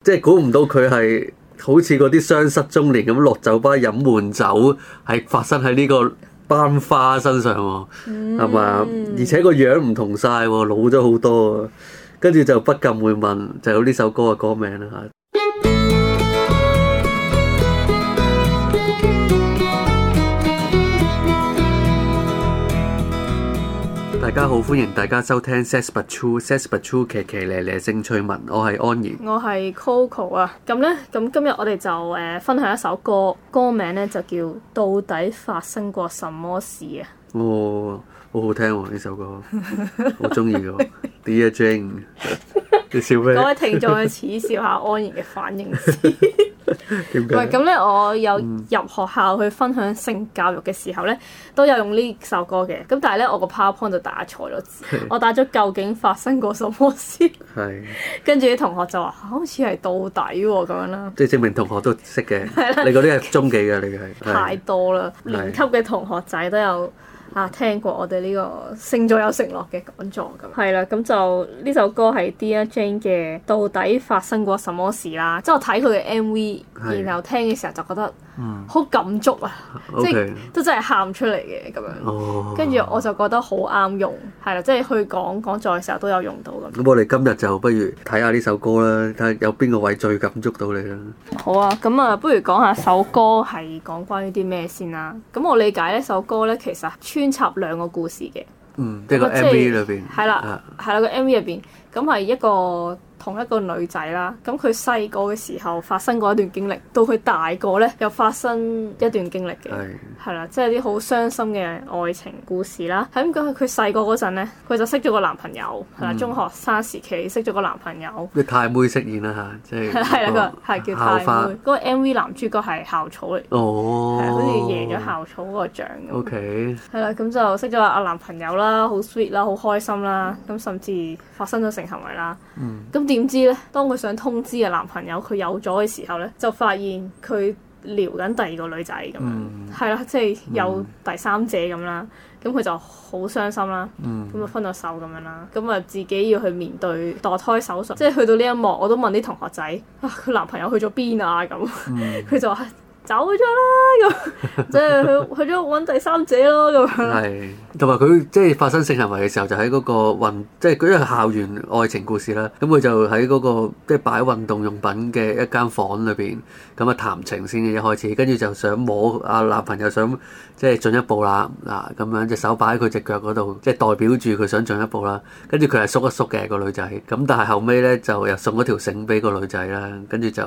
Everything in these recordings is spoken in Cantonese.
.即係估唔到佢係好似嗰啲雙失中年咁落酒吧飲悶酒，係發生喺呢個班花身上喎、啊，係嘛、mm.？而且個樣唔同晒、啊，老咗好多啊！跟住就不禁會問，就有呢首歌嘅歌名啦吓。大家好，歡迎大家收聽《says b a t true》，《s a y but true》奇奇咧咧聲趣聞，我係安然，我係 Coco 啊。咁咧，咁今日我哋就誒分享一首歌，歌名咧就叫《到底發生過什麼事》啊。哦，好好聽喎、啊、呢首歌， 好中意嘅，Dear Jane。你笑咩？各位聽眾去恥笑下安然嘅反應 麼。唔係咁咧，我有入學校去分享性教育嘅時候咧，都有用呢首歌嘅。咁但係咧，我個 powerpoint 就打錯咗字，的我打咗究竟發生過什麼事。係的。跟住啲同學就話：好似係到底喎、啊、咁樣啦。即係證明同學都識嘅。的你嗰啲係中幾嘅，你嘅係。太多啦，的年級嘅同學仔都有。啊，聽過我哋呢個星座有承諾嘅講座咁。係啦，咁就呢首歌係 Dear Jane 嘅《到底發生過什麼事》啦、嗯。即係我睇佢嘅 MV，然後聽嘅時候就覺得好感觸啊，即係都真係喊出嚟嘅咁樣。跟住、哦、我就覺得好啱用，係啦，即、就、係、係、去講講座嘅時候都有用到咁。咁、嗯、我哋今日就不如睇下呢首歌啦，睇下有邊個位最感觸到你啦。好啊，咁啊，不如講下首歌係講關於啲咩先啦。咁我理解呢首歌咧，其實。穿插兩個故事嘅，嗯，即係係啦，係啦個 MV 入邊咁係一個。同一個女仔啦，咁佢細個嘅時候發生過一段經歷，到佢大個咧又發生一段經歷嘅，係啦的，即係啲好傷心嘅愛情故事啦。係咁佢細個嗰陣咧，佢就識咗個男朋友，係啦、嗯，中學生時期識咗個男朋友。嘅、嗯、太妹飾演啦吓，即係係啦個係 叫太妹，嗰、那個 MV 男主角係校草嚟，哦，好似贏咗校草嗰個獎。O K 係啦，咁就識咗阿男朋友啦，好 sweet 啦，好開心啦，咁甚至發生咗性行為啦，咁、嗯。點知咧？當佢想通知嘅男朋友佢有咗嘅時候咧，就發現佢撩緊第二個女仔咁樣，係啦、嗯，即係有第三者咁啦。咁佢就好傷心啦。咁啊、嗯、分咗手咁樣啦。咁啊自己要去面對墮胎手術。即係去到呢一幕，我都問啲同學仔：啊，佢男朋友去咗邊啊？咁 佢就話。走咗啦咁，即 係去去咗揾第三者咯咁。係，同埋佢即係發生性行為嘅時候，就喺、是、嗰個運即係嗰啲校園愛情故事啦。咁、嗯、佢就喺嗰、嗰個即係擺運動用品嘅一間房裏邊，咁啊談情先嘅一開始，跟住就想摸啊，男朋友想即係進一步啦，嗱咁樣隻手擺喺佢隻腳嗰度，即係代表住佢想進一步啦。跟住佢係縮一縮嘅個女仔，咁但係後尾咧就又送咗條繩俾個女仔啦，跟住就誒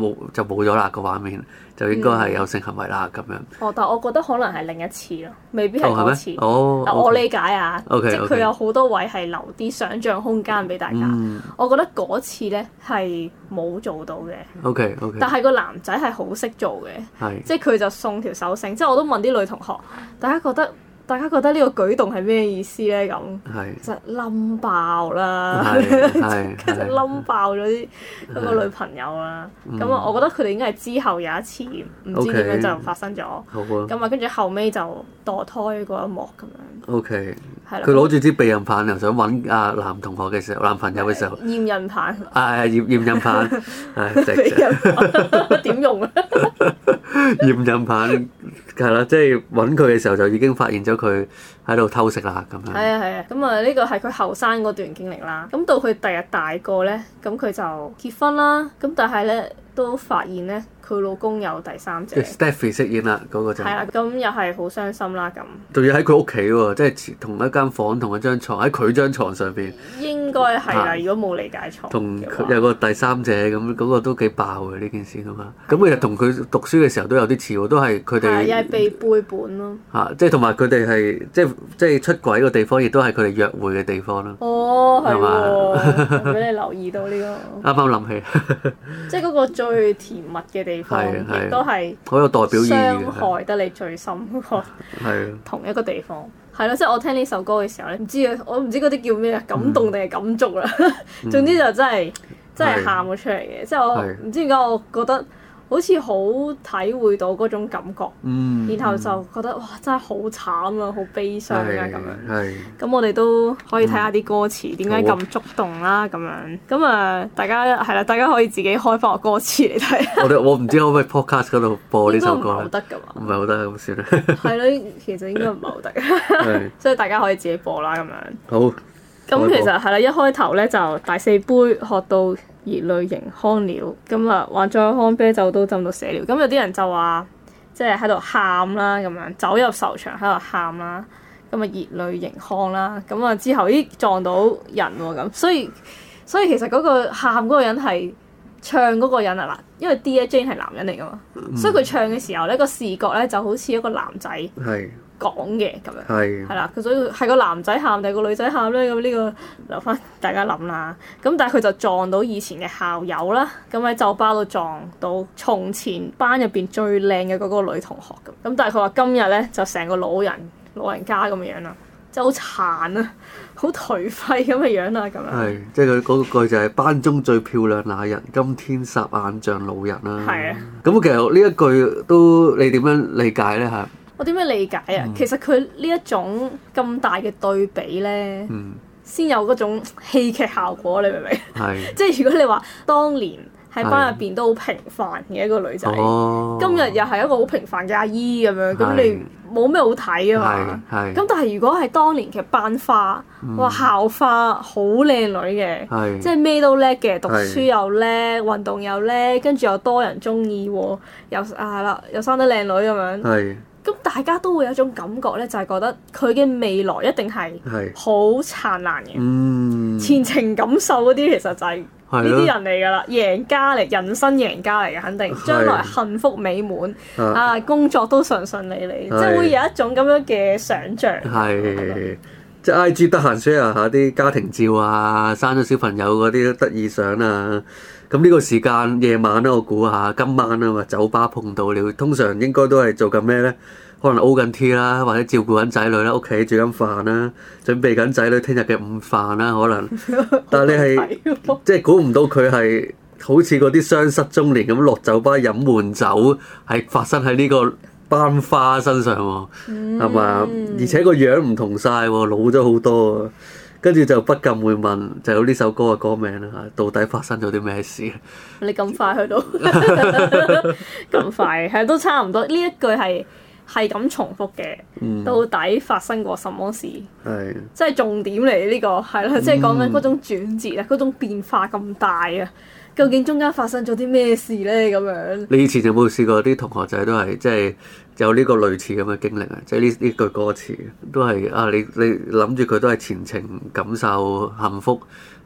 冇、欸、就冇咗啦個畫面。就應該係有性行為啦，咁樣。哦，但係我覺得可能係另一次咯，未必係嗰次哦。哦，嗱，我理解啊。Okay, okay. 即係佢有好多位係留啲想象空間俾大家。Okay, okay. 我覺得嗰次咧係冇做到嘅。Okay, okay. 但係個男仔係好識做嘅。係，Okay, okay. 即係佢就送條手繩。係。即係我都問啲女同學，大家覺得。大家覺得呢個舉動係咩意思咧？咁係就冧爆啦，跟住冧爆咗啲佢個女朋友啦。咁、嗯、我覺得佢哋應該係之後有一次唔、嗯、知點樣就發生咗。咁啊的，跟住後尾就墮胎嗰一幕咁樣。O K，係啦。佢攞住支避孕棒又想揾阿男同學嘅時候，男朋友嘅時候。驗孕人棒。係係驗孕棒，係避孕棒點用啊？驗孕 棒。 係啦，即係揾佢嘅時候就已經發現咗佢喺度偷食啦咁樣。係啊係啊，咁啊呢個係佢後生嗰段經歷啦。咁到佢第日大個呢，咁佢就結婚啦。咁但係呢，都發現呢。佢老公有第三者 Stephy 飾演啦，嗰、那個就係啦，咁又係好傷心啦、啊，咁仲要喺佢屋企喎，即係同一間房同一張床，喺佢張床上邊，應該係啦，啊、如果冇理解錯，同佢有個第三者咁嗰、那個都幾爆嘅、啊、呢件事啊嘛，咁佢、啊、又同佢讀書嘅時候都有啲似喎，都係佢哋，又係背背本咯、啊，嚇、啊，即係同埋佢哋係即係即係出軌嘅地方，亦都係佢哋約會嘅地方啦。哦，係喎吧，俾 你留意到呢、這個，啱啱諗起， 即係嗰個最甜蜜嘅地。係，亦的都好有代表，傷害得你最深嘅。係的， 同一個地方係咯，即係我聽呢首歌嘅時候咧，唔知我唔知嗰啲叫咩啊，感動定係感觸啦、啊。 總之就真係、嗯、真係喊咗出嚟嘅。即係的我唔知點解我覺得。好似好體會到嗰種感覺，然後就覺得哇，真係好慘啊，好悲傷啊咁樣。係，咁我哋都可以睇下啲歌詞點解咁觸動啦，咁樣。咁啊，大家係啦，大家可以自己開翻個歌詞嚟睇。我哋，我唔知可唔可以 podcast 嗰度播呢首歌好得㗎嘛。唔係好得咁算啦。係咯，其實應該唔係好得，所以大家可以自己播啦咁樣。好。咁其實係啦，一開頭咧就第四杯學到。熱淚盈眶了，咁、嗯、啊、嗯，還再喝啤酒都浸到死了，咁、嗯、有啲人就話，即係喺度喊啦，咁樣走入愁場喺度喊啦，咁啊熱淚盈眶啦，咁啊之後咦撞到人喎，咁所以所以其實嗰個喊嗰個人係唱嗰個人啊嗱，因為 Dear Jane 係男人嚟噶嘛，嗯、所以佢唱嘅時候咧、嗰個視覺咧就好似一個男仔。講嘅咁樣，係啦，佢所以係個男仔喊定個女仔喊咧，咁呢個留翻大家諗啦。咁但係佢就撞到以前嘅校友啦，咁喺酒吧度撞到從前班入邊最靚嘅嗰個女同學咁。咁但係佢話今日咧就成個老人老人家咁嘅樣啦，即係好殘啊，好頹廢咁嘅樣啦，咁樣。係，即係佢嗰句就係班中最漂亮那人，今天殺眼像老人啦。係啊。咁的其實呢一句都你點樣理解咧嚇？我點樣理解啊？其實佢呢一種咁大嘅對比咧，先有嗰種戲劇效果，你明唔明？係即係如果你話當年喺班入邊都好平凡嘅一個女仔，哦，今日又係一個好平凡嘅阿姨咁樣，咁你冇咩好睇啊嘛？係咁，但係如果係當年嘅班花，哇，校花好靚女嘅，即係咩都叻嘅，讀書又叻，運動又叻，跟住又多人中意，又係啦，又生得靚女咁樣。咁大家都會有一種感覺咧，就係、是、覺得佢嘅未來一定係好燦爛嘅。嗯，前程錦繡嗰啲其實就係呢啲人嚟噶啦，的贏家嚟，人生贏家嚟嘅，肯定將來幸福美滿的啊！工作都順順利利，即係的會有一種咁樣嘅想像。係的，即係 I G 得閒 share 下啲家庭照啊，生咗小朋友嗰啲得意相啊。咁呢個時間夜晚啦，我估下今晚啊嘛，酒吧碰到你，通常應該都係做緊咩呢？可能熬緊 t 啦，或者照顧緊仔女啦，屋企煮緊飯啦，準備緊仔女聽日嘅午飯啦，可能。但係你係 即係估唔到佢係好似嗰啲雙失中年咁落酒吧飲悶酒，係發生喺呢個班花身上喎，係嘛？ 而且個樣唔同晒，老咗好多。跟住就不禁會問就有呢首歌嘅歌名啦，到底發生咗啲咩事？你咁快去到咁 快，係都差唔多。呢一句係係咁重複嘅，嗯、到底發生過什麼事？係的，即係重點嚟呢、呢個係啦，即係講緊嗰種轉折啊，嗰、嗯、種變化咁大啊，究竟中間發生咗啲咩事呢？咁樣。你以前有冇試過啲同學仔都係即係？有呢個類似咁嘅經歷啊，即係呢，呢句歌詞都係啊，你，你諗住佢都係前程感受幸福，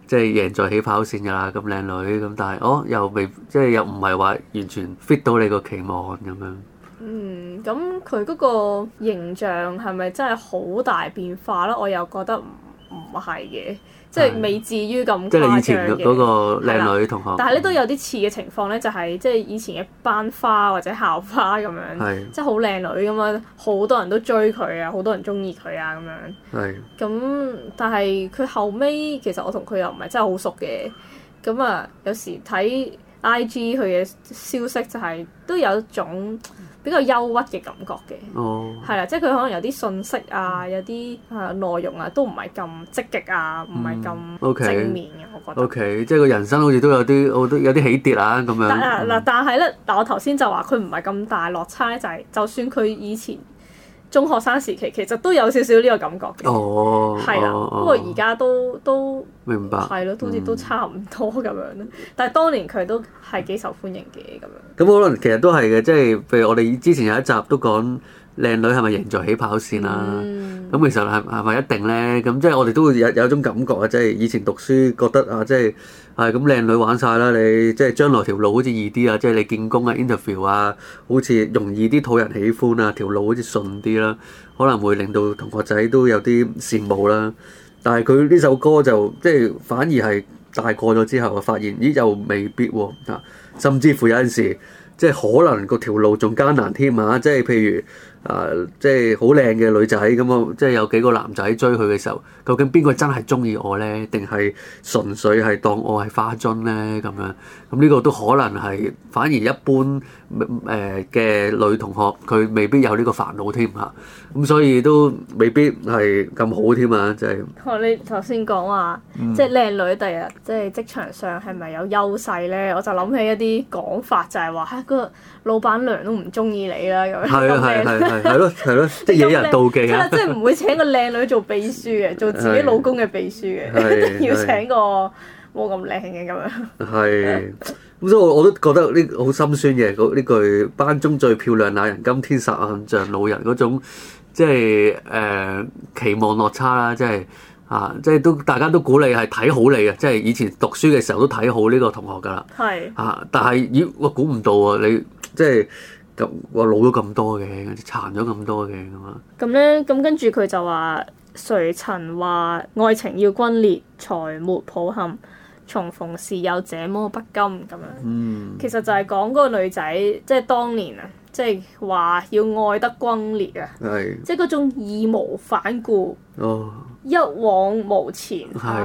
即係贏在起跑線㗎啦，咁靚女咁，但係哦又未，即係又唔係話完全 fit 到你個期望咁樣。嗯，咁佢嗰個形象係咪真係好大變化咧？我又覺得唔，唔係嘅。即係未至於咁誇張嘅。即係以前嗰個靚女同學。但係咧都有啲似嘅情況咧，就係即係以前嘅班花或者校花咁樣，是即係好靚女咁樣，好多人都追佢啊，好多人中意佢啊咁樣。係是。咁但係佢後尾，其實我同佢又唔係真係好熟嘅。咁啊，有時睇 IG 佢嘅消息就係、是、都有一種。比較憂鬱嘅感覺嘅，哦，係啦，即係佢可能有啲信息啊，有啲誒、呃、內容啊，都唔係咁積極啊，唔係咁正面嘅，okay，我覺得。O、okay, K，即係個人生好似都有啲，我覺得有啲起跌啊咁樣。嗱嗱、啊嗯，但係咧，嗱我頭先就話佢唔係咁大落差呢，就係、是、就算佢以前。中學生時期其實都有少少呢個感覺嘅，係啦、哦。不過而家都都明白係咯，都好似都差唔多咁樣、嗯、但係當年佢都係幾受歡迎嘅咁樣。咁可能其實都係嘅，即係譬如我哋之前有一集都講。靚女係咪贏在起跑線啊？咁、mm. 其實係係咪一定呢？咁即係我哋都會有有種感覺啊！即係以前讀書覺得啊，即係係咁靚女玩晒啦，你即係將來條路好似易啲啊！即係你見工啊、interview 啊，好似容易啲討人喜歡啊，條路好似順啲啦，可能會令到同學仔都有啲羨慕啦。但係佢呢首歌就即係反而係大個咗之後啊，發現咦又未必喎啊！甚至乎有陣時即係可能個條路仲艱難添啊！即係譬如。啊、呃，即係好靚嘅女仔咁啊、嗯，即係有幾個男仔追佢嘅時候，究竟邊個真係中意我呢？定係純粹係當我係花樽呢？咁樣？咁、嗯、呢、這個都可能係反而一般誒嘅、呃、女同學，佢未必有呢個煩惱添吓。咁所以都未必係咁好添啊！就係嗯、即係，我你頭先講話，即係靚女第日即係職場上係咪有優勢咧？我就諗起一啲講法就，就係話吓，個老闆娘都唔中意你啦咁樣咁嘅，係咯，係咯，即係 惹人妒忌啊！即係唔會請個靚女做秘書嘅，做自己老公嘅秘書嘅，是 要請個冇咁靚嘅咁樣。係。 咁所以我都覺得呢好心酸嘅，呢句班中最漂亮那人，今天殺硬像老人嗰種，即係誒、呃、期望落差啦，即係啊，即係都大家都估你係睇好你嘅，即係以前讀書嘅時候都睇好呢個同學噶啦。係是啊，但係要我估唔到啊，你即係咁話老咗咁多嘅，殘咗咁多嘅咁啊。咁咧，咁跟住佢就話誰曾話愛情要轟烈，才沒抱憾。」重逢時有這麼不甘咁樣，其實就係講嗰個女仔，即係當年啊，即係話要愛得轟烈啊，即係嗰種義無反顧，一往無前，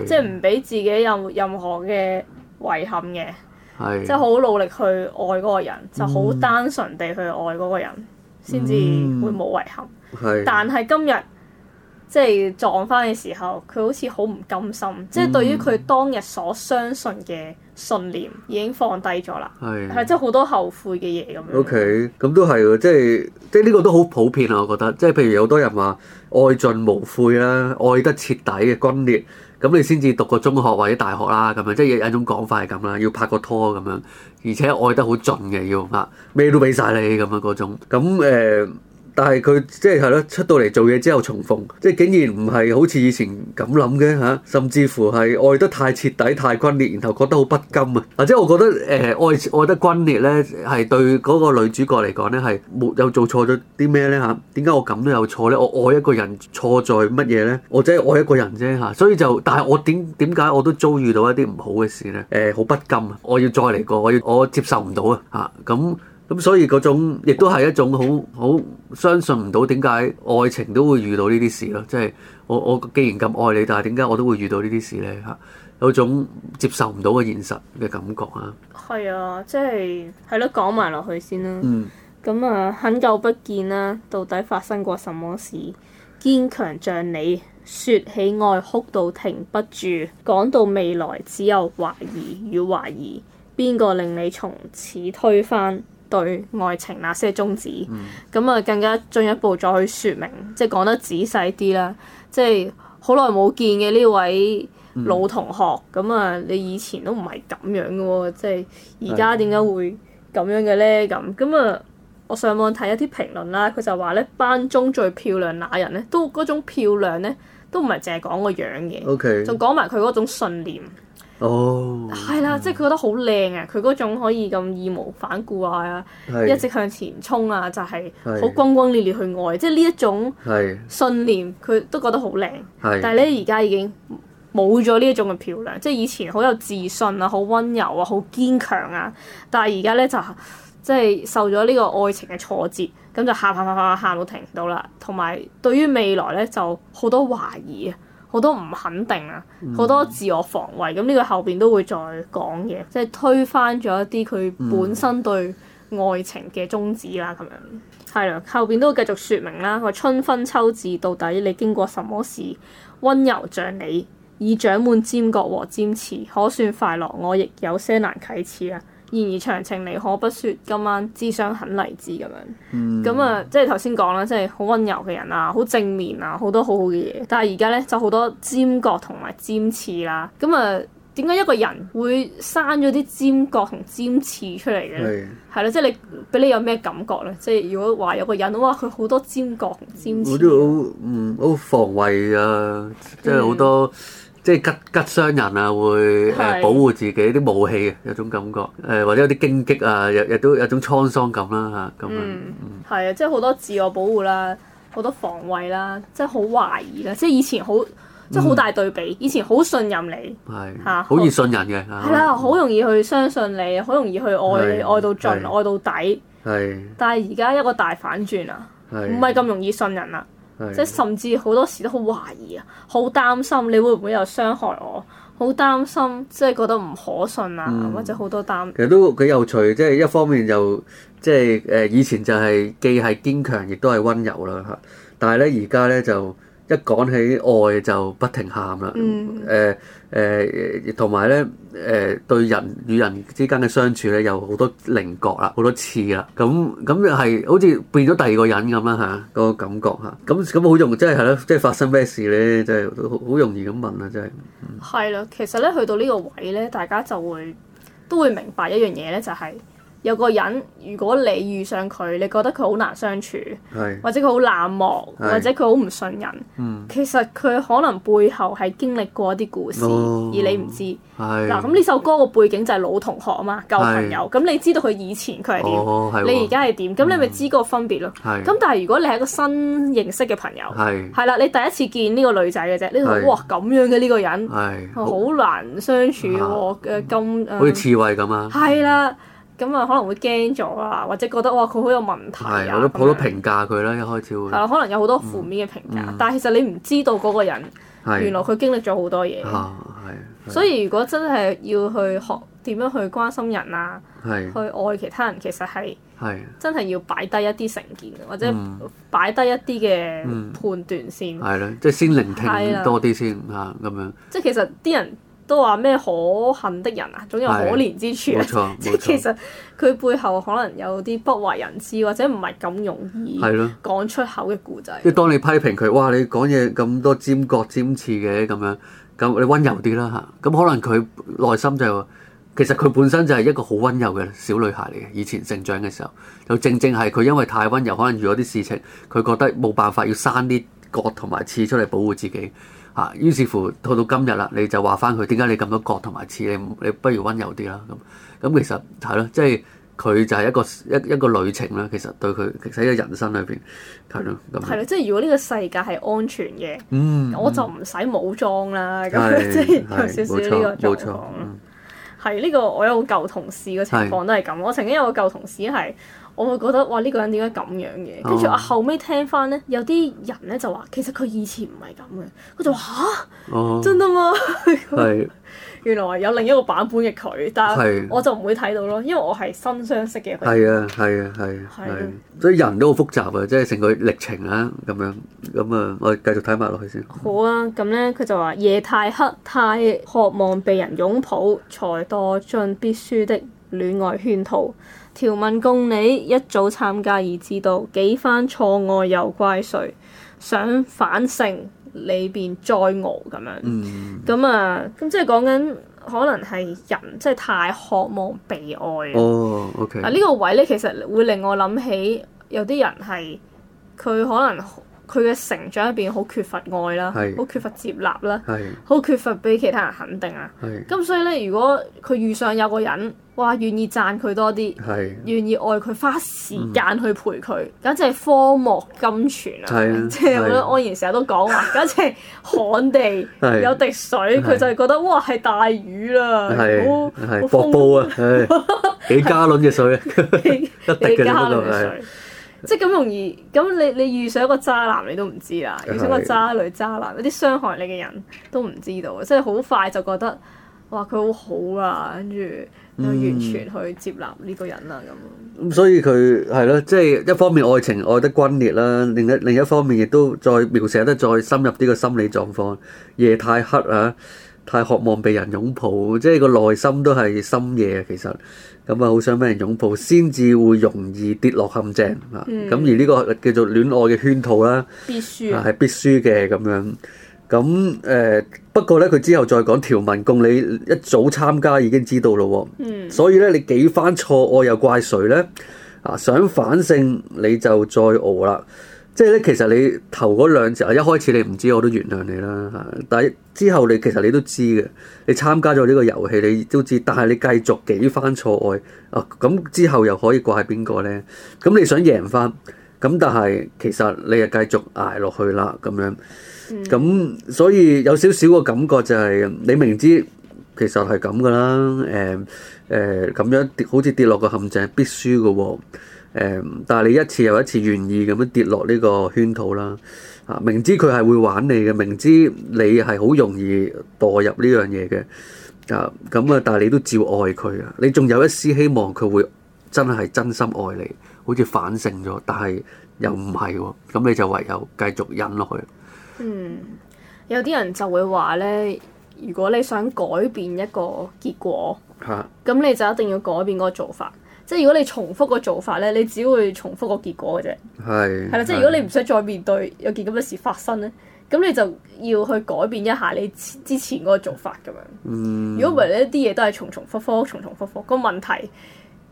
即係唔俾自己有任何嘅遺憾嘅，即係好努力去愛嗰個人，就好單純地去愛嗰個人，先至會冇遺憾。但係今日。即係撞翻嘅時候，佢好似好唔甘心，即係、嗯、對於佢當日所相信嘅信念已經放低咗啦，係係即係好多後悔嘅嘢咁樣。O K，咁都係喎，即係即係呢個都好普遍啊！我覺得，即係譬如有多人話愛盡無悔啦，愛得徹底嘅轟烈，咁你先至讀個中學或者大學啦，咁樣即係有一種講法係咁啦，要拍個拖咁樣，而且愛得好盡嘅要啊，咩都俾晒你咁樣嗰種，咁誒。呃但係佢即係係咯，出到嚟做嘢之後重逢，即係竟然唔係好似以前咁諗嘅嚇，甚至乎係愛得太徹底、太轟烈，然後覺得好不甘啊！即係我覺得誒愛愛得轟烈咧，係對嗰個女主角嚟講咧係冇有做錯咗啲咩咧嚇？啊、點解我咁都有錯咧？我愛一個人錯在乜嘢咧？我只係愛一個人啫嚇、啊，所以就但係我點點解我都遭遇到一啲唔好嘅事咧？誒、呃、好不甘啊！我要再嚟過，我要我接受唔到啊嚇咁。咁所以嗰種亦都係一種好好相信唔到，點解愛情都會遇到呢啲事咯？即係我我既然咁愛你，但係點解我都會遇到呢啲事咧？吓，有種接受唔到嘅現實嘅感覺啊！係啊，即係係咯，講埋落去先啦。嗯，咁啊，很久不見啦，到底發生過什麼事？堅強像你，說起愛哭到停不住，講到未來只有懷疑與懷疑，邊個令你從此推翻？對愛情那些宗旨，咁啊、嗯、更加進一步再去說明，即係講得仔細啲啦。即係好耐冇見嘅呢位老同學，咁啊、嗯、你以前都唔係咁樣嘅，嗯、即係而家點解會咁樣嘅咧？咁咁啊，我上網睇一啲評論啦，佢就話咧，班中最漂亮那人咧，都嗰種漂亮咧都唔係淨係講個樣嘅，OK，仲講埋佢嗰種信念。哦，係啦，即係佢覺得好靚啊！佢嗰種可以咁義無反顧啊，是一直向前衝啊，就係、是、好轟轟烈烈去愛，是即係呢一種信念，佢都覺得好靚。但係咧，而家已經冇咗呢一種嘅漂亮，是即係以前好有自信啊，好溫柔啊，好堅強啊，但係而家咧就即係受咗呢個愛情嘅挫折，咁就喊喊喊喊喊到停唔到啦，同埋對於未來咧就好多懷疑啊。好多唔肯定啊，好多自我防衛。咁呢個後邊都會再講嘢，即係推翻咗一啲佢本身對愛情嘅宗旨啦，咁樣係啊，後邊都會繼續説明啦。話春分秋至，到底你經過什麼事？温柔像你，已長滿尖角和尖刺，可算快樂，我亦有些難啟齒啊。然而長情離可不説，今晚智商很荔枝咁樣。咁、嗯、啊，即係頭先講啦，即係好温柔嘅人啊，好正面啊，很多很好多好好嘅嘢。但係而家咧就好多尖角同埋尖刺啦。咁啊，點解一個人會生咗啲尖角同尖刺出嚟嘅咧？係咯是，即係你俾你有咩感覺咧？即係如果話有個人，哇，佢好多尖角同尖刺。我都好唔好防衛啊！即係好多。嗯即係吉刉傷人啊，會誒保護自己啲武器，有種感覺，誒或者有啲荊棘啊，又又都有一種滄桑感啦嚇，咁樣。係啊，即係好多自我保護啦，好多防衞啦，即係好懷疑啦，即係以前好，即係好大對比，以前好信任你，嚇，好易信人嘅。係啦，好容易去相信你，好容易去愛你愛到盡，愛到底。係。但係而家一個大反轉啊，唔係咁容易信任啦。即係甚至好多時都好懷疑啊，好擔心你會唔會又傷害我，好擔心，即係覺得唔可信啊，嗯，或者好多擔。其實都幾有趣，即係一方面就即係誒以前就係既係堅強，亦都係溫柔啦嚇，但係咧而家咧就一講起愛就不停喊啦，誒，嗯。呃誒，同埋咧，誒、呃、對人與人之間嘅相處咧，有好多棱角啦，好多刺啦，咁咁又係好似變咗第二個人咁啦嚇，啊嗰個感覺嚇，咁咁好容易，即係係咯，即係發生咩事咧，即係都好容易咁問啦，真、嗯、係。係啦，其實咧去到呢個位咧，大家就會都會明白一樣嘢咧，就係、是。有個人，如果你遇上佢，你覺得佢好難相處，或者佢好冷漠，或者佢好唔信任。其實佢可能背後係經歷過一啲故事，而你唔知。嗱咁呢首歌個背景就係老同學啊嘛，舊朋友。咁你知道佢以前佢係點？你而家係點？咁你咪知個分別咯。咁但係如果你係一個新認識嘅朋友，係啦，你第一次見呢個女仔嘅啫。呢度哇咁樣嘅呢個人，好難相處嘅咁，好似刺蝟咁啊。係啦。咁啊，可能會驚咗啊，或者覺得哇，佢好有問題啊，咁樣。係，好多評價佢啦，一開頭。係啦，可能有好多負面嘅評價，但係其實你唔知道嗰個人，原來佢經歷咗好多嘢。啊，係。所以如果真係要去學點樣去關心人啊，去愛其他人，其實係係真係要擺低一啲成見，或者擺低一啲嘅判斷先。係咯，即係先聆聽多啲先嚇咁樣。即係其實啲人。都話咩可恨的人啊，總有可憐之處。冇錯，即 其實佢背後可能有啲不為人知，或者唔係咁容易講的出口嘅故仔。即係當你批評佢，哇！你講嘢咁多尖角尖刺嘅咁樣，咁你温柔啲啦嚇。咁、嗯、可能佢內心就係、其實佢本身就係一個好温柔嘅小女孩嚟嘅。以前成長嘅時候，就正正係佢因為太温柔，可能遇到啲事情，佢覺得冇辦法要生啲角同埋刺出嚟保護自己。啊！於是乎到到今日啦，你就話返佢點解你咁多角同埋刺，你你不如温柔啲啦咁。咁其實係咯，即係佢就係一個一一個旅程啦。其實對佢，其實喺人生裏邊係咯咁。係咯，即係如果呢個世界係安全嘅，嗯，嗯，我就唔使武裝啦。咁即係有少少呢個狀況。係呢個我有個舊同事嘅情況都係咁。的我曾經有個舊同事係。我會覺得哇，呢、這個人點解咁樣嘅？跟住我後尾聽翻呢，哦、有啲人呢就話，其實佢以前唔係咁嘅。佢就話嚇，哦、真啊的嘛， 他 是原來有另一個版本嘅佢，但係我就唔會睇到咯，因為我係新相識嘅佢。係啊，係啊，係、啊。係、啊，啊、所以人都好複雜啊，即係成個歷程啊，咁樣咁啊，我哋繼續睇埋落去先。好啊，咁呢，佢就話夜太黑太，太渴望被人擁抱，才墮進必輸的戀愛圈套。條文供你一早參加而知道幾番錯愛又怪誰，想反省你便再餓咁樣。咁啊，咁即係講緊可能係人即係太渴望被愛哦，OK。啊，呢個位咧其實會令我諗起有啲人係佢可能佢嘅成長入邊好缺乏愛啦，好缺乏接納啦，好缺乏俾其他人肯定啊。咁所以咧，如果佢遇上有個人。Yes. 哇！願意贊佢多啲，願意愛佢，花時間去陪佢，簡直係荒漠甘泉啊！即係我覺得安然成日都講話，簡直旱地有滴水，佢就係覺得哇，係大雨啦，好瀑布啊，幾加倫嘅水，加倫嘅水，即係咁容易。咁你你遇上一個渣男，你都唔知啊，遇上個渣女、渣男，啲傷害你嘅人都唔知道，即係好快就覺得哇，佢好好啊，跟住。完全去接納呢個人啦咁。咁、嗯、所以佢係咯，即係、就是、一方面愛情愛得轟烈啦，另一另一方面亦都再描寫得再深入啲個心理狀況。夜太黑啊，太渴望被人擁抱，即係個內心都係深夜。其實咁啊，好想俾人擁抱，先至會容易跌落陷阱、嗯、啊。咁而呢個叫做戀愛嘅圈套啦，必須、啊、係必須嘅咁樣。咁誒、呃，不過呢，佢之後再講條文，共你一早參加已經知道咯、哦。嗯。所以呢，你幾番錯愛又怪誰呢？啊，想反勝你就再捱啦。即、就、係、是、呢，其實你頭嗰兩字，一開始你唔知我都原諒你啦。嚇、啊！但係之後你其實你都知嘅，你參加咗呢個遊戲你都知，但係你繼續幾番錯愛啊，咁之後又可以怪邊個呢？咁你想贏返，咁但係其實你又繼續捱落去啦，咁樣。咁、嗯、所以有少少個感覺就係、是、你明知其實係咁噶啦，誒誒咁樣好跌好似跌落個陷阱必須，必輸噶喎。但係你一次又一次願意咁樣跌落呢個圈套啦，啊，明知佢係會玩你嘅，明知你係好容易墮入呢樣嘢嘅，啊咁啊、嗯，但係你都照愛佢啊，你仲有一絲希望佢會真係真心愛你，好似反勝咗，但係又唔係喎，咁你就唯有繼續忍落去。嗯，有啲人就會話咧，如果你想改變一個結果，咁你就一定要改變個做法。即係如果你重複個做法咧，你只會重複個結果嘅啫。係係啦，即係吧是如果你唔想再面對有件咁嘅事發生咧，咁你就要去改變一下你之前嗰個做法咁樣。如果唔係咧，啲嘢都係重重複複，重重複複個問題。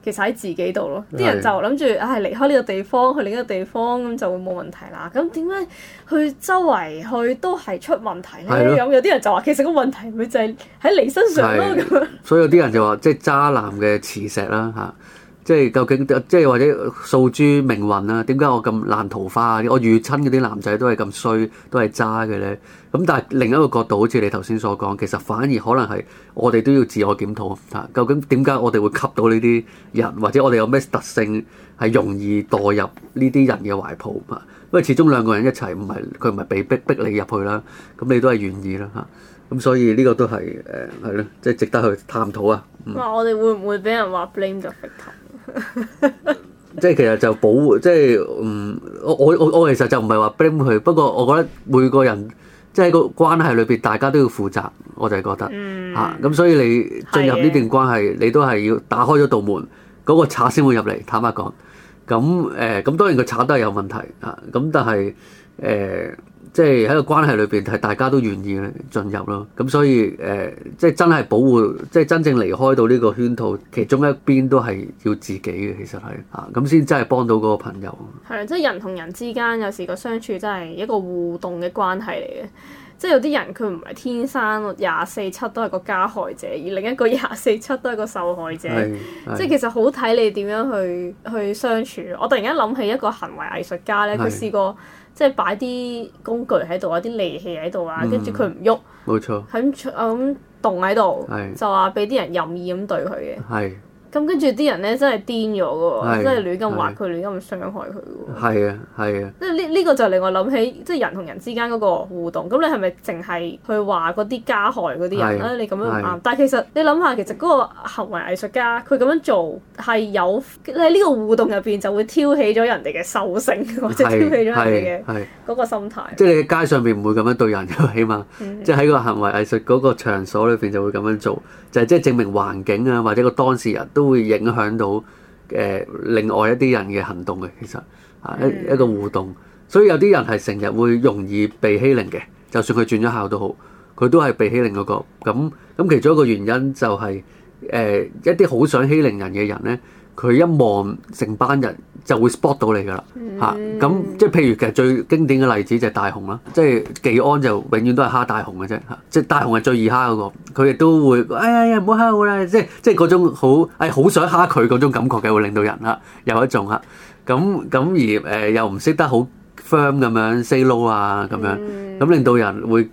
其實喺自己度咯，啲的人就諗住，唉，離開呢個地方去另一個地方咁就會冇問題啦。咁點解去周圍去都係出問題呢？咁的有啲人就話，其實個問題會就係喺你身上咯咁樣。的 所以有啲人就話，即、就、係、是、渣男嘅磁石啦嚇。即係究竟即係或者訴諸命運啊？點解我咁爛桃花，啊？我遇親嗰啲男仔都係咁衰，都係渣嘅咧。咁但係另一個角度，好似你頭先所講，其實反而可能係我哋都要自我檢討，究竟點解我哋會吸到呢啲人，或者我哋有咩特性係容易墮入呢啲人嘅懷抱？因為始終兩個人一齊，唔係佢唔係被逼逼你入去啦，咁你都係願意啦嚇。咁所以呢個都係誒係咯，即係、就是、值得去探討啊。話、嗯、我哋會唔會俾人話 blame the victim。即係 其實就保護，即係，嗯，我我我我其實就唔係話 blame 佢，不過我覺得每個人即係個關係裏邊，大家都要負責，我就係覺得，嗯，啊，咁所以你進入呢段關係，的你都係要打開咗道門，嗰個賊先會入嚟。坦白講，咁誒，咁當然個賊都係有問題啊，咁但係誒。欸即係喺個關係裏邊係大家都願意嘅進入咯，咁所以誒，即係真係保護，即係真正離開到呢個圈套，其中一邊都係要自己嘅，其實係嚇，咁先真係幫到嗰個朋友。係啊，即係人同人之間有時個相處真係一個互動嘅關係嚟嘅，即係有啲人佢唔係天生廿四七都係個加害者，而另一個廿四七都係個受害者，即係其實好睇你點樣去去相處。我突然間諗起一個行為藝術家咧，佢的試過。即係擺啲工具喺度啊，啲利器喺度啊，跟住佢唔喐，冇錯，喺咁棟喺度，呃、是就話俾啲人任意咁對佢嘅。咁跟住啲人咧真係癲咗喎，真係亂咁話佢，亂咁傷害佢喎。係啊，係啊。即係呢呢個就令我諗起，即係人同人之間嗰個互動。咁你係咪淨係去話嗰啲加害嗰啲人咧？你咁樣講，但係其實你諗下，其實嗰個行為藝術家佢咁樣做係有，你喺呢個互動入邊，就會挑起咗人哋嘅獸性，或者挑起咗人哋嘅嗰個心態。即係你喺街上邊唔會咁樣對人，起碼，即係喺個行為藝術嗰個場所裏邊就會咁樣做，就係即係證明環境啊，或者個當事人都會影響到誒、呃、另外一啲人嘅行動嘅，其實啊，一一個互動，所以有啲人係成日會容易被欺凌嘅，就算佢轉咗校都好，佢都係被欺凌嗰個。咁咁其中一個原因就係、是、誒、呃、一啲好想欺凌人嘅人咧。佢一望成班人就會 spot 到你噶啦，嚇，咁即係譬如其實最經典嘅例子就係大雄啦，即係技安就永遠都係蝦大雄嘅啫，嚇即係大雄係最易蝦嗰、那個，佢亦都會，哎呀唔好蝦我啦、啊，即係即係嗰種好誒好想蝦佢嗰種感覺嘅會令到人嚇、啊、有一種嚇，咁、啊、咁、啊、而誒又唔識得好 firm 咁樣 say no 啊咁、啊啊、樣，咁令到人會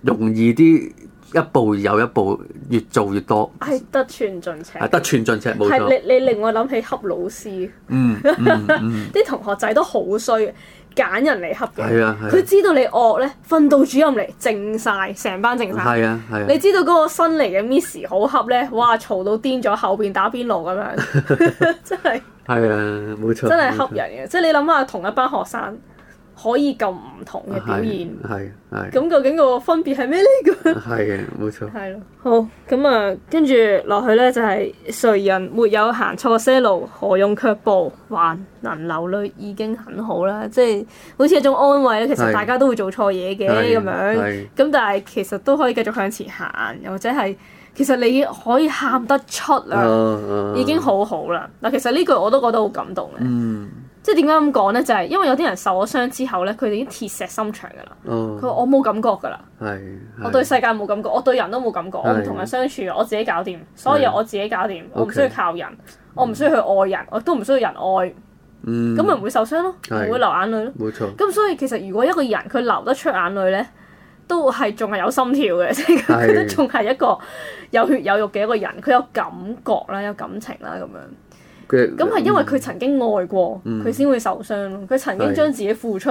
容易啲。一步又一步，越做越多，係得寸進尺，係得寸進尺，冇錯。係你你令我諗起恰老師，嗯，啲、嗯嗯、 同學仔都好衰，揀人嚟恰嘅，係啊，佢、啊、知道你惡咧，訓導主任嚟靜晒，成班靜晒。係啊係啊，啊你知道嗰個新嚟嘅 Miss 好恰咧，哇嘈到癲咗，後邊打邊爐咁樣， 真係的係啊冇錯，錯錯真係恰人嘅，即係你諗下同一班學生，可以咁唔同嘅表現，係咁、啊、究竟個分別係咩呢？咁係嘅，冇錯。係咯，好咁啊，跟住落去咧就係、是、誰人沒有行錯些路，何用卻步，還能流淚已經很好啦。即係好似一種安慰啦。其實大家都會做錯嘢嘅咁樣，咁、嗯、但係其實都可以繼續向前行，又或者係其實你可以喊得出啦，哦哦、已經好好啦。嗱，其實呢句我都覺得好感動嘅。嗯。即係點解咁講咧？就係因為有啲人受咗傷之後咧，佢哋已經鐵石心腸噶啦。佢話我冇感覺噶啦。係。我對世界冇感覺，我對人都冇感覺，我唔同人相處，我自己搞掂，所以我自己搞掂，我唔需要靠人，我唔需要去愛人，我都唔需要人愛。嗯。咁咪唔會受傷咯，唔會流眼淚咯。冇錯。咁所以其實如果一個人佢流得出眼淚咧，都係仲係有心跳嘅，即係佢都仲係一個有血有肉嘅一個人，佢有感覺啦，有感情啦，咁樣。咁係因為佢曾經愛過，佢先、嗯、會受傷咯。佢曾經將自己付出，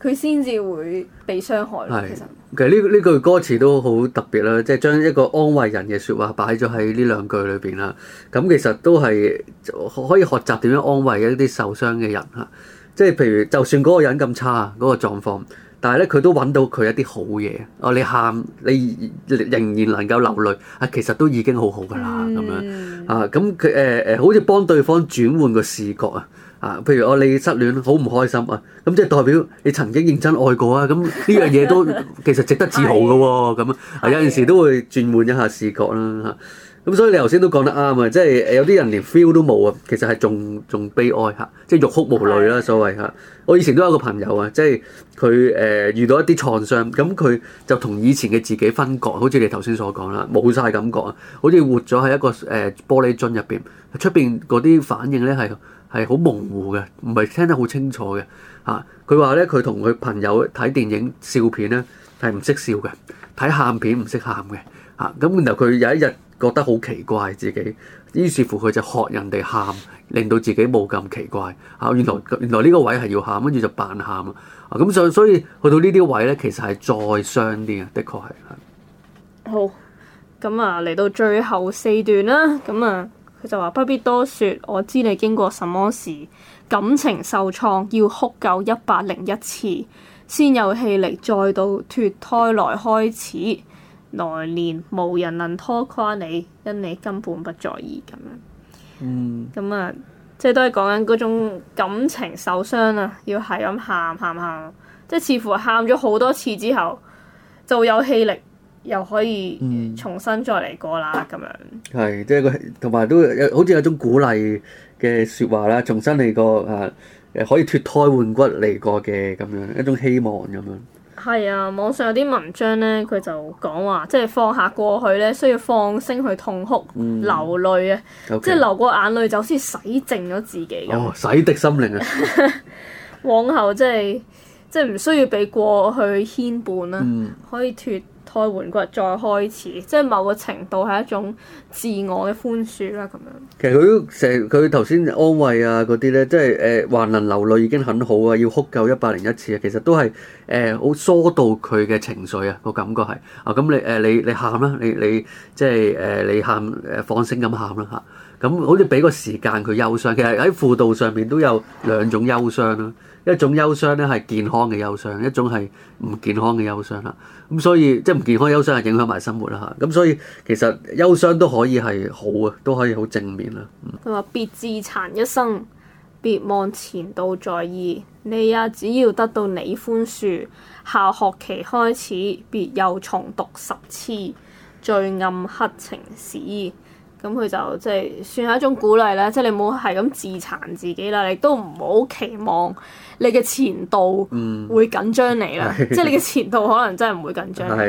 佢先至會被傷害。其實其實呢呢句歌詞都好特別啦，即係將一個安慰人嘅説話擺咗喺呢兩句裏邊啦。咁其實都係可以學習點樣安慰一啲受傷嘅人嚇。即、就、係、是、譬如，就算嗰個人咁差，嗰、嗰個狀況。但係咧，佢都揾到佢一啲好嘢。哦，你喊，你仍然能夠流淚，啊，其實都已經好好噶啦，咁樣啊。咁佢誒誒，好似幫對方轉換個視覺啊。啊，譬如我你失戀，好唔開心啊。咁即係代表你曾經認真愛過啊。咁呢樣嘢都其實值得自豪嘅喎。咁啊，嗯、有陣時都會轉換一下視覺啦。啊。咁所以你頭先都講得啱啊！即係誒有啲人連 feel 都冇啊，其實係仲仲悲哀嚇，即係欲哭無淚啦所謂嚇。我以前都有個朋友啊，即係佢誒遇到一啲創傷，咁佢就同以前嘅自己分割，好似你頭先所講啦，冇晒感覺，好似活咗喺一個誒、呃、玻璃樽入邊，出邊嗰啲反應咧係係好模糊嘅，唔係聽得好清楚嘅嚇。佢話咧佢同佢朋友睇電影笑片咧，係唔識笑嘅，睇喊片唔識喊嘅嚇。咁、啊、然後佢有一日。覺得好奇怪自己，於是乎佢就學人哋喊，令到自己冇咁奇怪嚇。原來原來呢個位係要喊，跟住就扮喊啊！咁所所以去到呢啲位咧，其實係再傷啲啊，的確係係。好，咁啊嚟到最後四段啦，咁啊佢就話 不必多説，我知你經過什麼事，感情受創要哭夠一百零一次，先有氣力再到脱胎來開始。來年無人能拖垮你，因你根本不在意咁樣。嗯，咁啊，即係都係講緊嗰種感情受傷啊，要係咁喊喊喊，即係似乎喊咗好多次之後，就有氣力又可以重新再嚟過啦咁、嗯、樣。係，即係佢同埋都好有好似有種鼓勵嘅說話啦，重新嚟過啊，誒可以脱胎換骨嚟過嘅咁樣，一種希望咁樣。係啊，網上有啲文章咧，佢就講話，即係放下過去咧，需要放聲去痛哭、嗯、流淚啊，即係流過眼淚就好似洗淨咗自己哦，洗滌心靈啊！ 往後即係即係唔需要俾過去牽絆啦，嗯、可以脱開換骨再開始，即係某個程度係一種自我嘅寬恕啦、啊，咁樣。其實佢成佢頭先安慰啊嗰啲咧，即係誒還能流淚已經很好啊，要哭夠一百零一次啊，其實都係誒好疏導佢嘅情緒啊，個感覺係啊，咁你誒你你喊啦，你你即係誒你喊誒、就是呃呃、放聲咁喊啦嚇。咁好似俾個時間佢憂傷，其實喺輔導上面都有兩種憂傷咯，一種憂傷咧係健康嘅憂傷，一種係唔健康嘅憂傷啦。咁所以即係唔健康憂傷係影響埋生活啦嚇。咁所以其實憂傷都可以係好啊，都可以好正面啦。佢、嗯、話：別自殘一生，別望前度在意你啊！只要得到你寬恕，下學期開始別又重讀十次最暗黑情史。咁佢就即係算係一種鼓勵啦。即係你唔好係咁自殘自己啦，你都唔好期望你嘅前度會緊張你啦，嗯、即係你嘅前度可能真係唔會緊張你。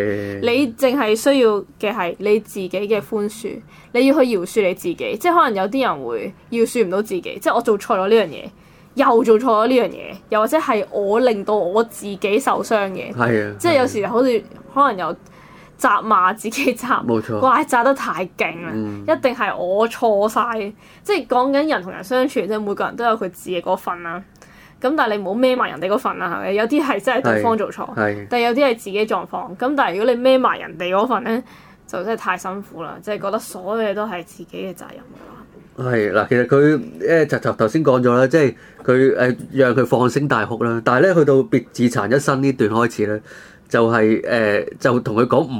你淨係需要嘅係你自己嘅寬恕，你要去饒恕你自己。即係可能有啲人會饒恕唔到自己，即係我做錯咗呢樣嘢，又做錯咗呢樣嘢，又或者係我令到我自己受傷嘅。即係有時好似可能有。責罵自己責冇錯，怪責得太勁啦，嗯、一定係我錯晒。即係講緊人同人相處，即係每個人都有佢自己嗰份啦。咁但係你唔好孭埋人哋嗰份啦，係咪？有啲係真係對方做錯，是但係有啲係自己狀況。咁是但係如果你孭埋人哋嗰份咧，就真係太辛苦啦。即係覺得所有嘢都係自己嘅責任啦。係嗱，其實佢誒就就頭先講咗啦，即係佢誒讓佢放聲大哭啦。但係咧，去到別自殘一生呢段開始咧。就係、是、誒、呃，就同佢講唔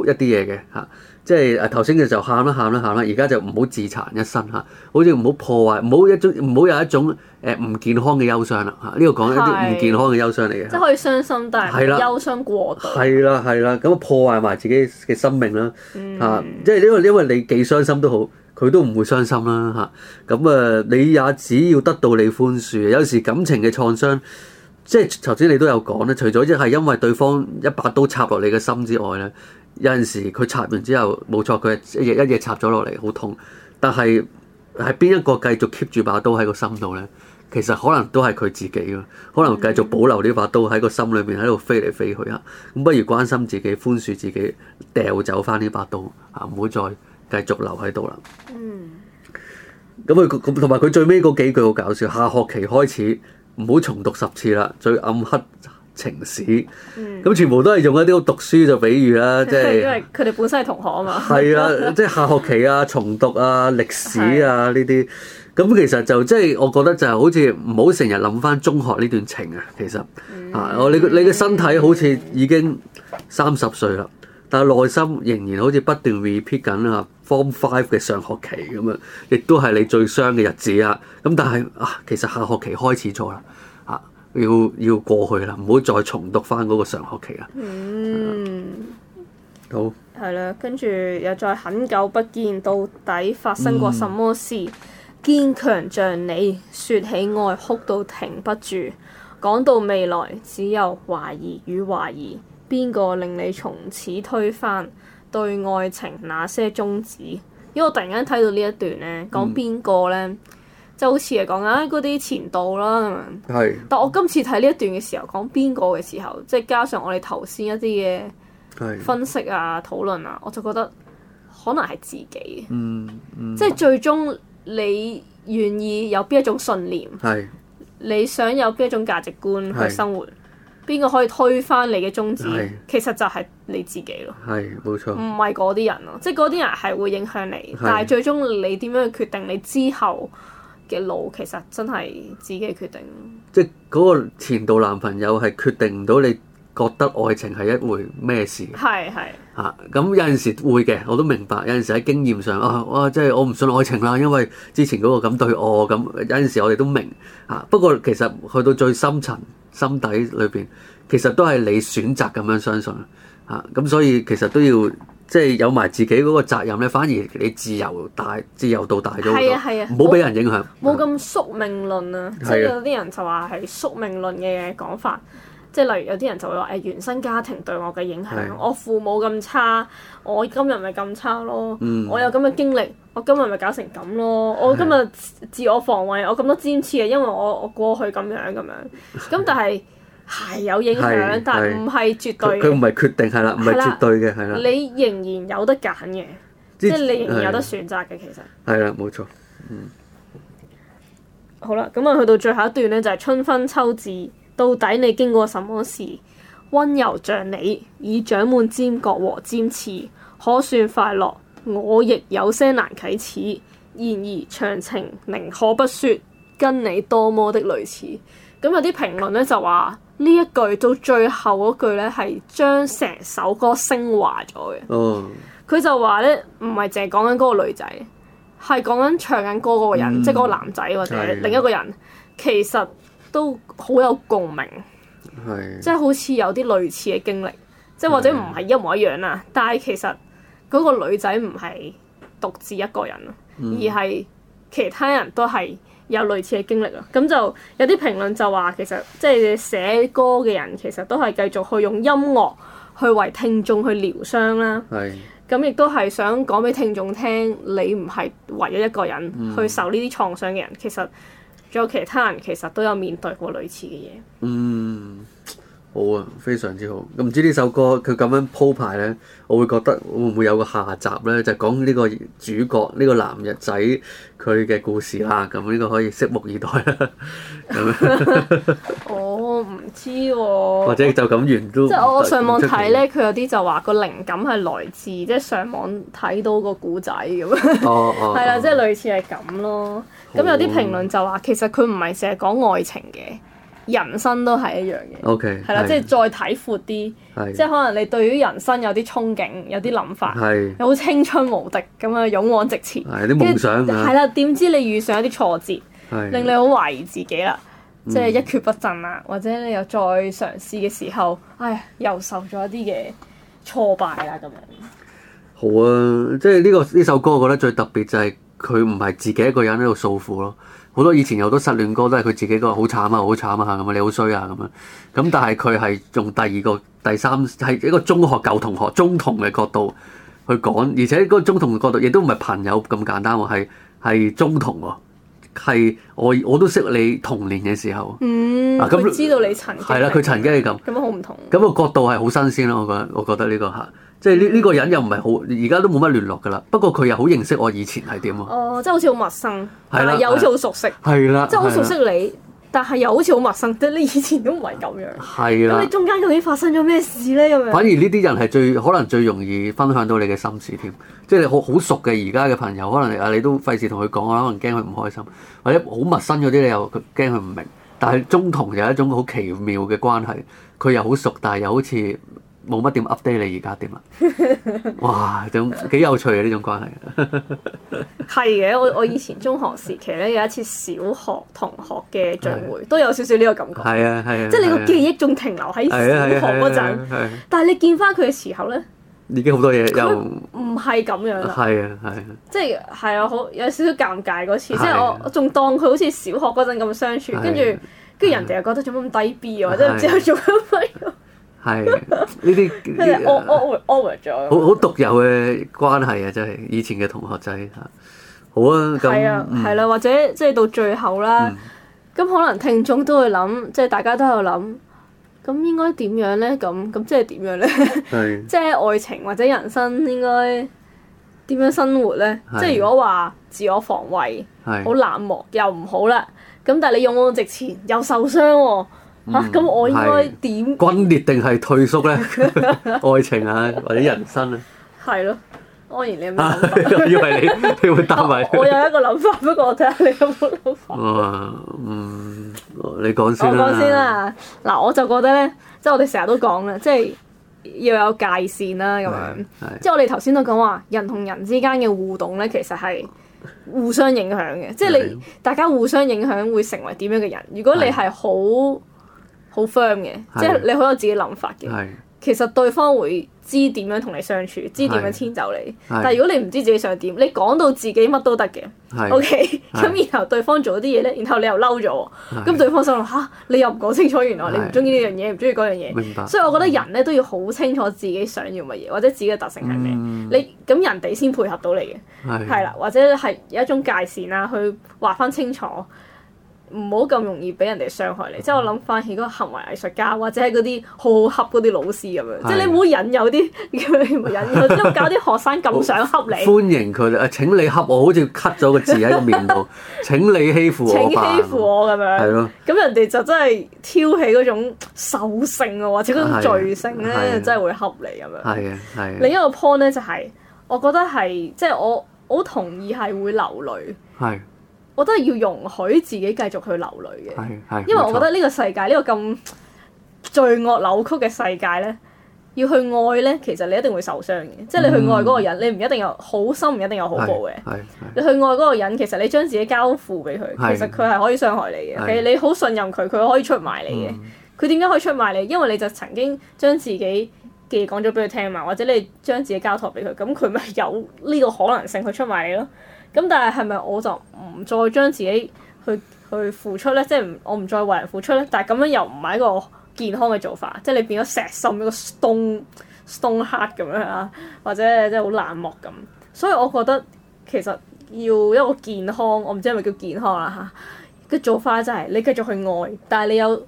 好一啲嘢嘅嚇，即係頭先嘅就喊啦喊啦喊啦，而家就唔好自殘一生嚇、啊，好似唔好破壞，唔好一種，唔好有一種誒唔、呃、健康嘅憂傷啦嚇。呢個講一啲唔健康嘅憂傷嚟嘅，即係可以傷心，但係唔好憂傷過度。係啦係啦，咁破壞埋自己嘅生命啦嚇，即係、嗯啊就是、因為因為你幾傷心都好，佢都唔會傷心啦嚇。咁啊，啊，你也只要得到你寬恕，有時感情嘅創傷。即係頭先你都有講咧，除咗即係因為對方一把刀插落你嘅心之外咧，有陣時佢插完之後冇錯，佢一一嘢插咗落嚟，好痛。但係係邊一個繼續 keep 住把刀喺個心度咧？其實可能都係佢自己咯，可能繼續保留呢把刀喺個心裏邊喺度飛嚟飛去啊。咁不如關心自己，寬恕自己，掉走翻呢把刀啊，唔好再繼續留喺度啦。嗯。咁佢咁同埋佢最尾嗰幾句好搞笑，下學期開始。唔好重讀十次啦，最暗黑情史，咁、嗯、全部都係用一啲讀書就比喻啦，即係因為佢哋本身係同學啊嘛，係啊， 即係下學期啊，重讀啊，歷史啊呢啲，咁、嗯、其實就即係我覺得就係好似唔好成日諗翻中學呢段情啊，其實、嗯、啊，我你你嘅身體好似已經三十歲啦。嗯嗯但係內心仍然好似不斷 repeat 緊啊 Form Five 嘅上學期咁樣，亦都係你最傷嘅日子啊！咁但係啊，其實下學期開始咗啦，啊要要過去啦，唔好再重讀返嗰個上學期、嗯、啊！嗯，好係啦，跟住又再很久不見，到底發生過什麼事？嗯、堅強像你，説起愛哭到停不住，講到未來只有懷疑與懷疑。邊個令你從此推翻對愛情那些宗旨？因為我突然間睇到呢一段咧，講邊個咧，嗯、就好似係講緊嗰啲前度啦咁樣。係是。但我今次睇呢一段嘅時候，講邊個嘅時候，即係加上我哋頭先一啲嘅分析啊、討論是啊，我就覺得可能係自己。嗯嗯、即係最終你願意有邊一種信念？係是。你想有邊一種價值觀去生活？邊個可以推翻你嘅宗旨？是其實就係你自己咯。係，冇錯，唔係嗰啲人咯，即係嗰啲人係會影響你，是但係最終你點樣決定你之後嘅路，其實真係自己決定。即係嗰個前度男朋友係決定唔到你覺得愛情係一回咩事。係係。嚇咁、啊、有陣時會嘅，我都明白。有陣時喺經驗上啊，哇，即我即係我唔信愛情啦，因為之前嗰個咁對我咁。有陣時我哋都明嚇、啊，不過其實去到最深層。心底裏邊其實都係你選擇咁樣相信啊，咁所以其實都要即係、就是、有埋自己嗰個責任咧，反而你自由大，自由度大咗，唔好俾人影響，冇咁、啊、宿命論啊，啊即係有啲人就話係宿命論嘅講法，啊、即係例如有啲人就會話誒原生家庭對我嘅影響，啊、我父母咁差，我今日咪咁差咯，嗯、我有咁嘅經歷。我今日咪搞成咁咯！我今日自我防衞，我咁多尖刺嘅，因為我我過去咁樣咁樣。咁但係係、哎、有影響，但唔係絕對。佢唔係決定係啦，唔係絕對嘅係啦。你仍然有得揀嘅，即係你仍然有得選擇嘅。其實係啦，冇錯。嗯，好啦，咁啊去到最後一段咧，就係、是、春分秋至，到底你經過什麼事？温柔像你，已長滿尖角和尖刺，可算快樂。我亦有些難啟齒，然而詳情寧可不說，跟你多麼的類似。咁、嗯、有啲評論咧就話呢一句到最後嗰句咧係將成首歌升華咗嘅。佢、哦、就話咧唔係淨係講緊嗰個女仔，係講緊唱緊歌嗰個人，嗯、即係嗰個男仔或者的另一個人，其實都好有共鳴，即係的好似有啲類似嘅經歷，即係的或者唔係一模一樣啦，但係其實。嗰個女仔唔係獨自一個人、嗯、而係其他人都係有類似嘅經歷啊。咁就有啲評論就話，其實即係寫歌嘅人其實都係繼續去用音樂去為聽眾去療傷啦。咁亦都係想講俾聽眾聽，你唔係唯一一個人去受呢啲創傷嘅人，嗯、其實仲有其他人其實都有面對過類似嘅嘢。嗯好啊，非常之好。咁唔知呢首歌佢咁樣鋪排咧，我會覺得會唔會有個下集咧，就講、是、呢個主角呢、這個男人仔佢嘅故事啦。咁呢個可以拭目以待啦。咁、 啊，我唔知或者就咁完都我。即係不我上網睇咧，佢有啲就話個靈感係來自即係、就是、上網睇到個古仔咁。哦哦，係啦，即係類似係咁咯。咁好有啲評論就話，其實佢唔係成日講愛情嘅。人生都係一樣嘅，係啦，即係再睇闊啲，即係可能你對於人生有啲憧憬，有啲諗法，有好青春無敵咁樣，勇往直前，啲夢想，係啦，點知你遇上一啲挫折，令你好懷疑自己啦，即係一蹶不振啦，或者你又再嘗試嘅時候，唉，又受咗一啲嘅挫敗啦咁樣。好啊，即係呢個呢首歌，我覺得最特別就係佢唔係自己一個人喺度訴苦咯。好多以前有好多失戀歌都係佢自己個好慘啊，好慘啊咁啊，你好衰啊咁樣。咁但係佢係用第二個、第三係一個中學舊同學、中同嘅角度去講，而且嗰個中同嘅角度亦都唔係朋友咁簡單喎，係中同喎，係我我都識你童年嘅時候。嗯，咁知道你曾經係啦，佢曾經係咁咁好唔同啊。咁個角度係好新鮮咯，我覺得我覺得呢個嚇。即係呢呢個人又唔係好，而家都冇乜聯絡噶啦。不過佢又好認識我以前係點啊？哦，即係好似好陌生，但係又好似好熟悉，係啦，即係好熟悉你，但係又好似好陌生。即係你以前都唔係咁樣，係啦。咁你中間究竟發生咗咩事咧？咁樣反而呢啲人係最可能最容易分享到你嘅心事添。即係你好好熟嘅而家嘅朋友，可能啊你都費事同佢講，可能驚佢唔開心，或者好陌生嗰啲你又驚佢唔明。但係中同有一種好奇妙嘅關係，佢又好熟，但係又好似。冇乜點 update 你而家點啊？哇，咁幾有趣啊，呢種關係。係嘅，我我以前中學時期咧，有一次小學同學嘅聚會，都有少少呢個感覺。係啊係啊，即係你個記憶仲停留喺小學嗰陣，但係你見翻佢嘅時候咧，已經好多嘢又唔係咁樣啦。係啊係啊，即係係啊好有少少尷尬嗰次，即係我我仲當佢好似小學嗰陣咁相處，跟住跟住人哋又覺得做乜咁低 B 啊，即係唔知做乜。係呢啲 over over 咗，好好獨有嘅關係啊！真係以前嘅同學仔吓，好啊咁，係啦，或者即係到最後啦，咁可能聽眾都會諗，即係大家都有諗，咁應該點樣咧？咁咁即係點樣咧？即係愛情或者人生應該點樣生活咧？即係如果話自我防衞，難 shortage，好冷漠又唔好啦。咁但係你勇往直前，又受傷喎。嚇！咁、啊、我應該點？轟烈定係退縮咧？ 愛情啊，或者人生啊？係咯， 安然你有咩諗法？因為你你會擔為我有一個諗法，不過我睇下你有冇諗法、啊。嗯，你講先啦。講先啦，嗱、啊，我就覺得咧，即係我哋成日都講啦，即係要有界線啦、啊，咁樣。即係我哋頭先都講話，人同人之間嘅互動咧，其實係互相影響嘅。的即係你大家互相影響，會成為點樣嘅人？如果你係好。好 firm 嘅，即係你好有自己諗法嘅。其實對方會知點樣同你相處，知點樣遷就你。但係如果你唔知自己想點，你講到自己乜都得嘅。OK，咁然後對方做咗啲嘢咧，然後你又嬲咗，咁對方心諗，嚇你又唔講清楚，原來你唔中意呢樣嘢，唔中意嗰樣嘢。所以我覺得人咧都要好清楚自己想要乜嘢，或者自己嘅特性係咩，你咁人哋先配合到你嘅，係啦，或者係有一種界線啦，去劃翻清楚。唔好咁容易俾人哋傷害你。即係我諗翻起嗰個行為藝術家，或者係嗰啲好好恰嗰啲老師咁樣。即係你唔好引誘啲，唔好引誘，即教啲學生咁想恰你。歡迎佢哋啊！請你恰我，好似 cut 咗個字喺個面度。請你欺負我。請欺負我咁樣。係咯。咁人哋就真係挑起嗰種獸性啊，或者嗰種罪性咧，真係會恰你咁樣。係啊，係。另一個 point 咧就係，我覺得係即係我好同意係會流淚。係。我都係要容許自己繼續去流淚嘅，因為我覺得呢個世界，呢錯個咁罪惡扭曲嘅世界咧，要去愛咧，其實你一定會受傷嘅。即係、嗯、你去愛嗰個人，你唔一定有好心，唔一定有好報嘅。你去愛嗰個人，其實你將自己交付俾佢，是其實佢係可以傷害你嘅。是是你好信任佢，佢可以出賣你嘅。佢點解可以出賣你？因為你就曾經將自己嘅嘢講咗俾佢聽嘛，或者你將自己交託俾佢，咁佢咪有呢個可能性去出賣你咯？咁但係係咪我就唔再將自己去去付出咧？即係唔我唔再為人付出咧？但係咁樣又唔係一個健康嘅做法，即係你變咗石心一個 stone stone heart 咁樣呀，或者即係好冷漠咁。所以我覺得其實要一個健康，我唔知係咪叫健康啦嚇嘅做法，就係你繼續去愛，但係你有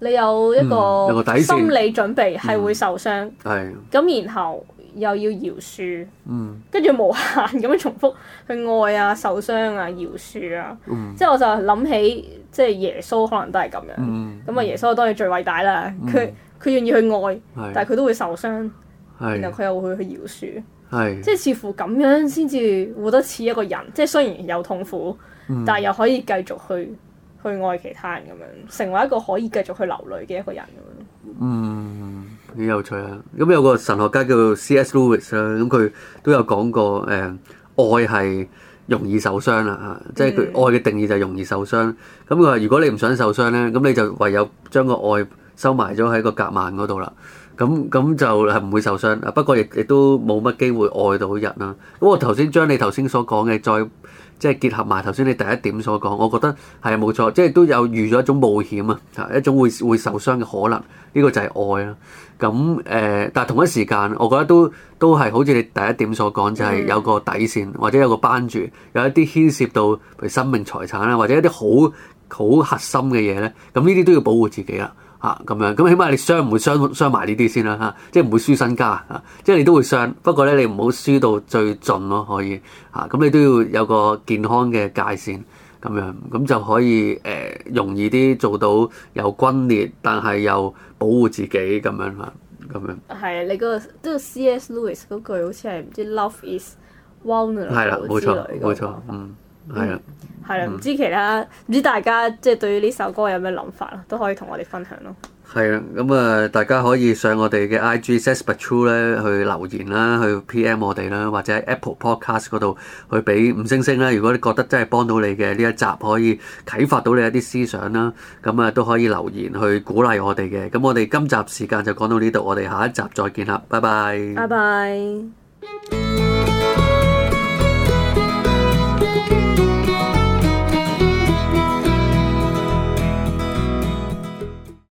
你有一個心理準備係會受傷，係咁、嗯、然後。又要饒恕，嗯，跟住無限咁樣重複去愛啊、受傷啊、饒恕啊，即係我就諗起，即係耶穌可能都係咁樣。咁啊，耶穌當然最偉大啦，佢佢願意去愛，但係佢都會受傷，然後佢又會去饒恕，即係似乎咁樣先至活得似一個人。即係雖然有痛苦，但係又可以繼續去去愛其他人咁樣，成為一個可以繼續去流淚嘅一個人咁樣。嗯。幾有趣啊！咁有個神學家叫 C.S. Lewis 啦，咁佢都有講過，誒、呃、愛係容易受傷啦，嚇，即係佢愛嘅定義就係容易受傷。咁佢話如果你唔想受傷咧，咁你就唯有將個愛收埋咗喺個夾萬嗰度啦。咁咁就係唔會受傷，不過亦亦都冇乜機會愛到人啦。咁我頭先將你頭先所講嘅再。即係結合埋頭先你第一點所講，我覺得係啊，冇錯，即係都有預咗一種冒險啊，嚇一種會會受傷嘅可能。呢、這個就係愛啦。咁誒、呃，但係同一時間，我覺得都都係好似你第一點所講，就係、是、有個底線或者有個班主，有一啲牽涉到譬如生命、財產啦，或者一啲好好核心嘅嘢咧。咁呢啲都要保護自己啦。嚇咁、啊、樣，咁起碼你傷唔會傷傷埋呢啲先啦嚇，即係唔會輸身家嚇、啊，即係你都會傷，不過咧你唔好輸到最盡咯、啊、可以嚇，咁、啊、你都要有個健康嘅界線咁樣，咁就可以誒、呃、容易啲做到有轟烈，但係又保護自己咁樣嚇，咁樣。係啊，你嗰個都 C.S. Lewis 嗰句好似係唔知 Love is vulnerable 係啦，冇錯，冇錯，嗯。係啦，係啦，唔、嗯、知其他，唔、嗯、知大家即係、就是、對於呢首歌有咩諗法咯，都可以同我哋分享咯。係啊，咁啊，大家可以上我哋嘅 I G s e s p e r t u a l 咧去留言啦，去 P M 我哋啦，或者 Apple Podcast 嗰度去俾五星星啦。嗯、如果你覺得真係幫到你嘅呢一集，可以啟發到你一啲思想啦，咁啊都可以留言去鼓勵我哋嘅。咁我哋今集時間就講到呢度，我哋下一集再見啦，拜拜。拜拜。